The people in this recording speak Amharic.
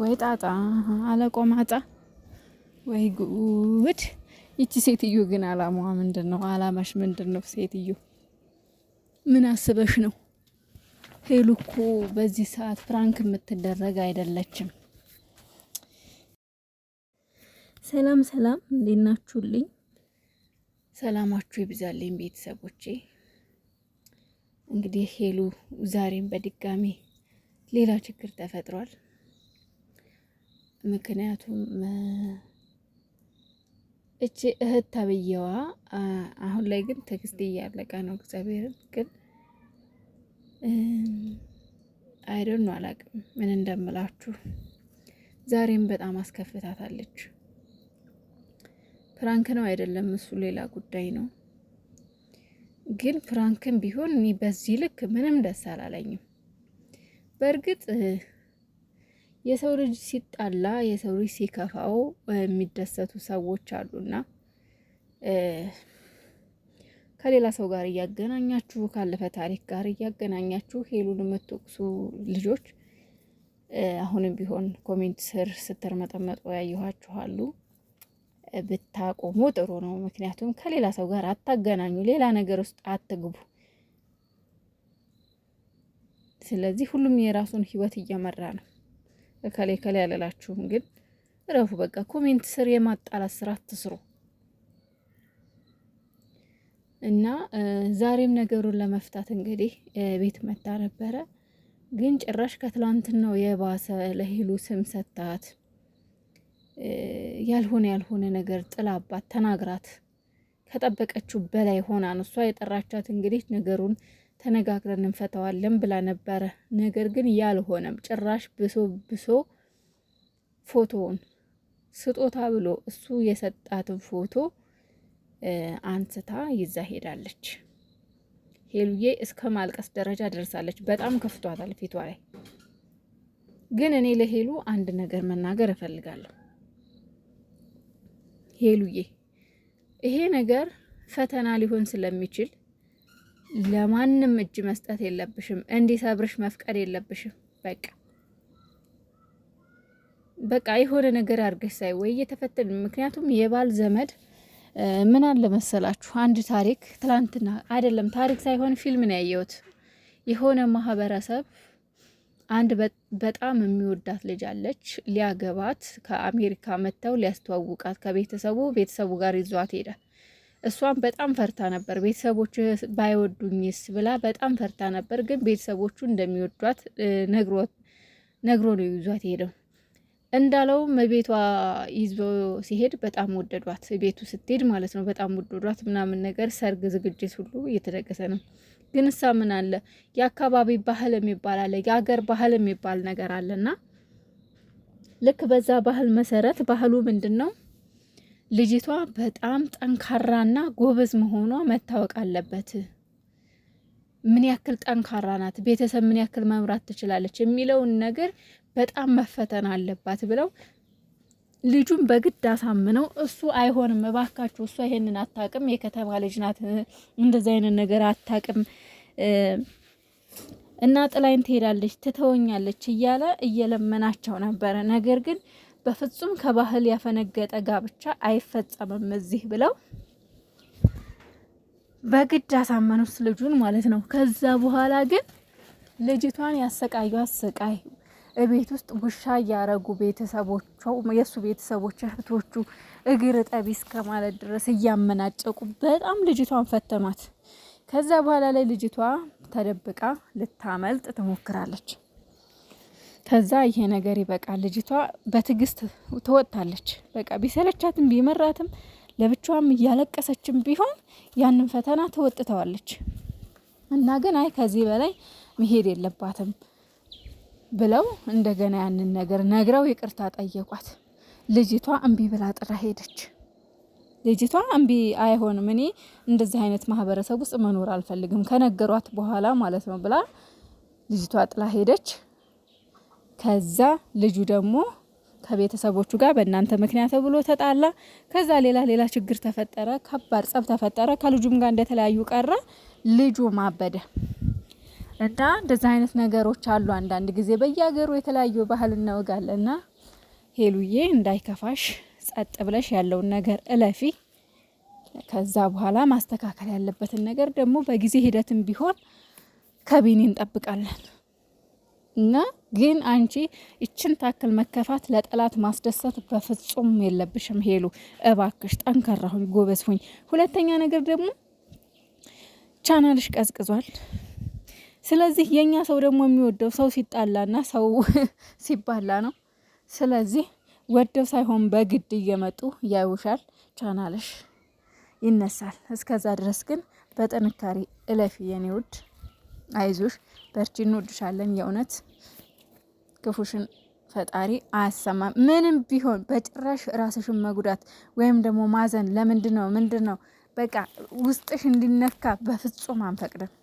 ወይ ጣጣ አለቆ ማጣ ወይ ጉድ! ይቺ ሴትዮ ግን አላማዋ ምንድን ነው? አላማሽ ምንድን ነው? ሴትዮ ምን አስበሽ ነው? ሄሉ እኮ በዚህ ሰዓት ፍራንክ የምትደረግ አይደለችም። ሰላም ሰላም፣ እንዴት ናችሁልኝ? ሰላማችሁ ይብዛልኝ ቤተሰቦቼ። እንግዲህ ሄሉ ዛሬም በድጋሚ ሌላ ችግር ተፈጥሯል። ምክንያቱም እቺ እህት ተብዬዋ አሁን ላይ ግን ትዕግስት እያለቀ ነው። እግዚአብሔርን ግን አይደን ነው አላቅም ምን እንደምላችሁ። ዛሬም በጣም አስከፍታታለች። ፕራንክ ነው አይደለም፣ እሱ ሌላ ጉዳይ ነው። ግን ፕራንክም ቢሆን እኔ በዚህ ልክ ምንም ደስ አላለኝም በእርግጥ የሰው ልጅ ሲጣላ የሰው ልጅ ሲከፋው የሚደሰቱ ሰዎች አሉና ከሌላ ሰው ጋር እያገናኛችሁ ካለፈ ታሪክ ጋር እያገናኛችሁ ሄሉን የምትወቅሱ ልጆች አሁንም ቢሆን ኮሜንት ስር ስትር ያየኋችኋሉ ብታቆሙ ጥሩ ነው። ምክንያቱም ከሌላ ሰው ጋር አታገናኙ፣ ሌላ ነገር ውስጥ አትግቡ። ስለዚህ ሁሉም የራሱን ህይወት እየመራ ነው። እከሌ እከሌ ያለላችሁም፣ ግን እረፉ። በቃ ኮሜንት ስር የማጣላት ስራ አትስሩ። እና ዛሬም ነገሩን ለመፍታት እንግዲህ ቤት መታ ነበረ። ግን ጭራሽ ከትላንትናው የባሰ ለሄሉ ስም ሰታት። ያልሆነ ያልሆነ ነገር ጥላባት ተናግራት ከጠበቀችው በላይ ሆና ነው። እሷ የጠራቻት እንግዲህ ነገሩን ተነጋግረን እንፈተዋለን ብላ ነበረ። ነገር ግን ያልሆነም ጭራሽ ብሶ ብሶ ፎቶውን ስጦታ ብሎ እሱ የሰጣትን ፎቶ አንስታ ይዛ ሄዳለች። ሄሉዬ እስከ ማልቀስ ደረጃ ደርሳለች። በጣም ከፍቷታል ፊቷ ላይ። ግን እኔ ለሄሉ አንድ ነገር መናገር እፈልጋለሁ ሄሉዬ ይሄ ነገር ፈተና ሊሆን ስለሚችል ለማንም እጅ መስጠት የለብሽም። እንዲሰብርሽ መፍቀድ የለብሽም። በቃ በቃ የሆነ ነገር አድርገሽ ሳይ ወይ እየተፈተን ምክንያቱም የባል ዘመድ ምን አለ መሰላችሁ፣ አንድ ታሪክ ትላንትና አይደለም ታሪክ ሳይሆን ፊልም ነው ያየሁት የሆነ ማህበረሰብ አንድ በጣም የሚወዳት ልጅ አለች። ሊያገባት ከአሜሪካ መጥተው ሊያስተዋውቃት ከቤተሰቡ ቤተሰቡ ጋር ይዟት ሄዳል። እሷም በጣም ፈርታ ነበር። ቤተሰቦች ባይወዱኝስ ብላ በጣም ፈርታ ነበር። ግን ቤተሰቦቹ እንደሚወዷት ነግሮ ነው ይዟት ሄደው። እንዳለውም ቤቷ ይዞ ሲሄድ በጣም ወደዷት። ቤቱ ስትሄድ ማለት ነው በጣም ወደዷት ምናምን ነገር ሰርግ ዝግጅት ሁሉ እየተደገሰ ነው ግን እሳ ምን አለ የአካባቢ ባህል የሚባል አለ፣ የአገር ባህል የሚባል ነገር አለና ልክ በዛ ባህል መሰረት ባህሉ ምንድን ነው? ልጅቷ በጣም ጠንካራና ጎበዝ መሆኗ መታወቅ አለበት። ምን ያክል ጠንካራ ናት፣ ቤተሰብ ምን ያክል መምራት ትችላለች የሚለውን ነገር በጣም መፈተን አለባት ብለው ልጁን በግድ አሳምነው እሱ አይሆንም፣ እባካችሁ እሷ ይሄንን አታቅም፣ የከተማ ልጅ ናት፣ እንደዚ አይነት ነገር አታቅም እና ጥላይን ትሄዳለች፣ ትተወኛለች እያለ እየለመናቸው ነበረ። ነገር ግን በፍጹም ከባህል ያፈነገጠ ጋብቻ አይፈጸምም እዚህ ብለው በግድ አሳመኑት ልጁን ማለት ነው። ከዛ በኋላ ግን ልጅቷን ያሰቃዩ አሰቃይ ቤት ውስጥ ውሻ እያረጉ ቤተሰቦቹ የእሱ ቤተሰቦች እህቶቹ እግር እጠቢ እስከ ማለት ድረስ እያመናጨቁ በጣም ልጅቷን ፈተኗት። ከዛ በኋላ ላይ ልጅቷ ተደብቃ ልታመልጥ ትሞክራለች። ከዛ ይሄ ነገር ይበቃል፣ ልጅቷ በትዕግስት ትወጣለች። በቃ ቢሰለቻትም ቢመራትም ለብቻዋም እያለቀሰችም ቢሆን ያንን ፈተና ትወጥተዋለች እና ግን አይ ከዚህ በላይ መሄድ የለባትም ብለው እንደገና ያንን ነገር ነግረው ይቅርታ ጠየቋት። ልጅቷ እምቢ ብላ ጥራ ሄደች። ልጅቷ እምቢ አይሆንም፣ እኔ እንደዚህ አይነት ማህበረሰብ ውስጥ መኖር አልፈልግም ከነገሯት በኋላ ማለት ነው ብላ ልጅቷ ጥላ ሄደች። ከዛ ልጁ ደግሞ ከቤተሰቦቹ ጋር በእናንተ ምክንያት ብሎ ተጣላ። ከዛ ሌላ ሌላ ችግር ተፈጠረ፣ ከባድ ጸብ ተፈጠረ። ከልጁም ጋር እንደተለያዩ ቀረ። ልጁ ማበደ። እና እንደዚህ አይነት ነገሮች አሉ። አንዳንድ ጊዜ በየሀገሩ የተለያዩ ባህል እናወጋለ እና ሄሉዬ እንዳይከፋሽ ጸጥ ብለሽ ያለውን ነገር እለፊ። ከዛ በኋላ ማስተካከል ያለበትን ነገር ደግሞ በጊዜ ሂደትም ቢሆን ከቢኒ እንጠብቃለን እና ግን አንቺ ይችን ታክል መከፋት ለጠላት ማስደሰት በፍጹም የለብሽም ሄሉ፣ እባክሽ ጠንካራ ሁኝ፣ ጎበዝ ሁኝ። ሁለተኛ ነገር ደግሞ ቻናልሽ ቀዝቅዟል። ስለዚህ የእኛ ሰው ደግሞ የሚወደው ሰው ሲጣላና ሰው ሲባላ ነው። ስለዚህ ወደው ሳይሆን በግድ እየመጡ ያዩሻል፣ ቻናልሽ ይነሳል። እስከዛ ድረስ ግን በጥንካሬ እለፊ የኔ ውድ፣ አይዞሽ፣ በርቺ፣ እንወድሻለን። የእውነት ክፉሽን ፈጣሪ አያሰማም። ምንም ቢሆን በጭራሽ ራስሽን መጉዳት ወይም ደግሞ ማዘን ለምንድን ነው ምንድን ነው በቃ ውስጥሽ እንዲነካ በፍጹም አንፈቅድም።